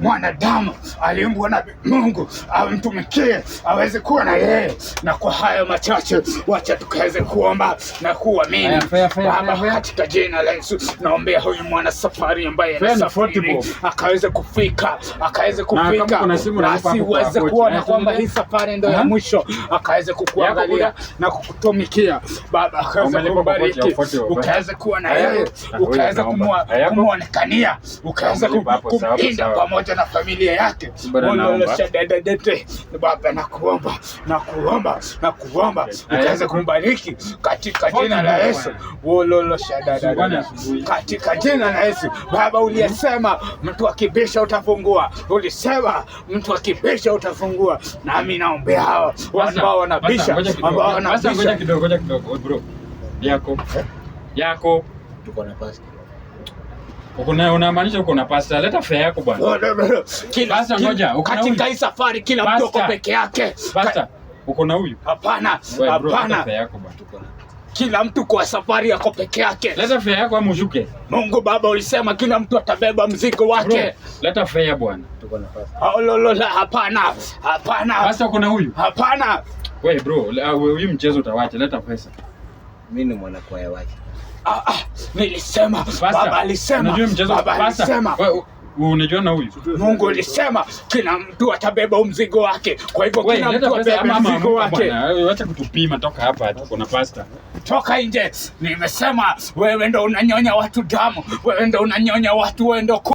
mwanadamu aliumbwa na Mungu amtumikie, aweze kuwa na yeye. Na kwa hayo machache, wacha tukaweze kuomba na kuamini. Baba, katika jina la Yesu, naombea huyu mwana safari ambaye anasafiri akaweze kufika, akaweze kufika, asiweze kuona kwamba hii safari ndio ya mwisho, akaweze kukuangalia na kukutumikia Baba, akaweze kubariki, eh? ukaweze kuwa na yeye, ukaweze kumwonekania, ukaweze kumpinda pamoja pamoja na familia yake. Baba, nakuomba nakuomba nakuomba ukaweze kumbariki katika jina la Yesu, katika jina la Yesu. Baba, uliyesema mtu akibisha utafungua, ulisema mtu akibisha utafungua, nami naombea hao ambao wanabisha, ambao wanabisha yako yako, tuko na pasta Unamaanisha uko na pasta, leta fare yako bwana. No, no, no. Kila moja katika hii safari, kila mtu uko peke yake. Pasta, uko na huyu? Hapana, hapana. Kila mtu kwa safari yako peke yake. Leta fare yako ama ushuke. Mungu Baba ulisema kila mtu atabeba mzigo wake. Bro, leta fare bwana. Tuko na pasta. Ah, Lolola, hapana. Hapana. Pasta, uko na huyu? Hapana. Wewe bro, huyu mchezo utawacha, leta pesa mimi ni mwanakwaya wake. Ah, ah, nilisema baba alisema, unajua mchezo baba alisema Unajua na huyu Mungu alisema kila mtu atabeba mzigo wake. Kwa hivyo kila mtu atabeba mzigo wake. Acha kutupima, toka hapa hata kuna pasta. Toka nje. Nimesema wewe ndio unanyonya watu damu, wewe ndio unanyonya watu, wewe ndio